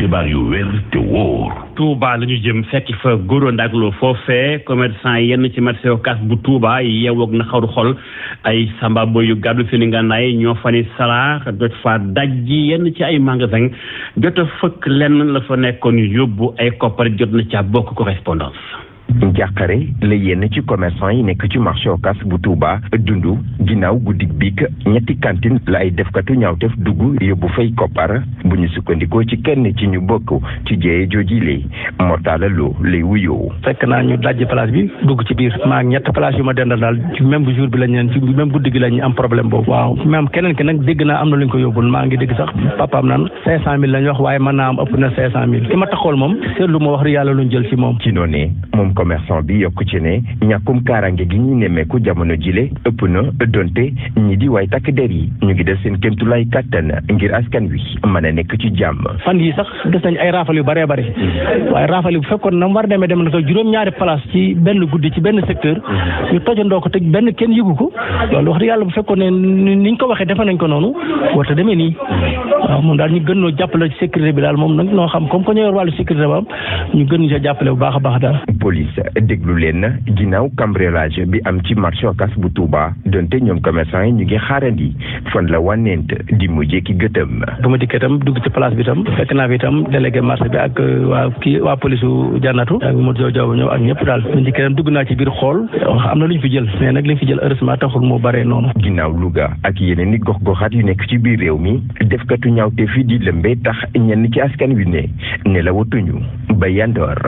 xibaar yu wér te wóor Touba la ñu jëm fekk fa góoró ndaklo foofee commerçant yenn ci marché Ocass bu Touba yeew ak na xaru xol ay samba boy yu gàddu seeni ngànnaay ñoo fa ni salaax jot fa dajji yenn ci ay magasin jot a fëkk lenn la fa nekkoon yóbbu ay koppar jot na ca bokk correspondance jàqare la yenn ci commerçant yi nekk ci marché Ocass bu Touba dundu ginnaaw guddik biik ñetti cantine la ay defkatu ñaawtef dugg yóbbu fay koppar bu ñu sukkandikoo ci kenn ci ñu bokk ci jëye jooji lay mortaala loo lay wuyoo fekk naa ñu dajj place bi dugg ci biir maa ñett place yu ma dendal daal ci jour bi lañ leen ci guddi gi lañ am problème boobu waaw même keneen ki nag dégg naa am na lu ñu ko yóbbul maa ngi dégg sax papaam am ëpp na cinq commerçant bi yokk ci ne ñàkkum kaaraange gi ñu ñuy nemmeeku jamono jile ëpp na donte ñi di waay takk der yi ñu ngi def seen kémtulaay kàttan ngir askan wi mën a nekk ci jàmm fan yi sax gis nañ ay raafal yu bëree bëri mm-hmm. waaye raafal yi bu fekkoon nam war demee dem na ko juróom-ñaari place ci guddi ci benn secteur mm-hmm. ñu ko te benn kenn yëgu ko mm-hmm. loolu wax dëgg yàlla bu fekkoon ne niñ ko waxee defe nañ ko noonu warta demee nii waaw moom daal ñu gën noo jàppale sécurité bi daal moom nag noo xam comme ko ñu yor wàllu sécurité ba ñu gën ñu jàppale bu baax a baax daal police déglu leen na ginnaaw cambriolage bi am ci marché Ocass bu Touba donte ñoom commerçant yi ñu ngi xaarandi fan la wànneent di mujjee ki gëtëm. bu ma dikkee tam dugg ci place bi tam fekk naa fi tam délégué marché bi ak waa kii waa polisu jànnatu ak Modou Diaw ñëw ak ñëpp daal bu dikkee tam dugg naa ci biir xool am na lu ñu fi jël mais nag li ñu fi jël heureusement taxul moo bare noonu. ginnaaw Louga ak yeneen i gox-goxaat yu nekk ci biir réew mi defkatu ñaawte fii di lëmbee tax ñenn ci askan wi ne la watuñu ba yandoor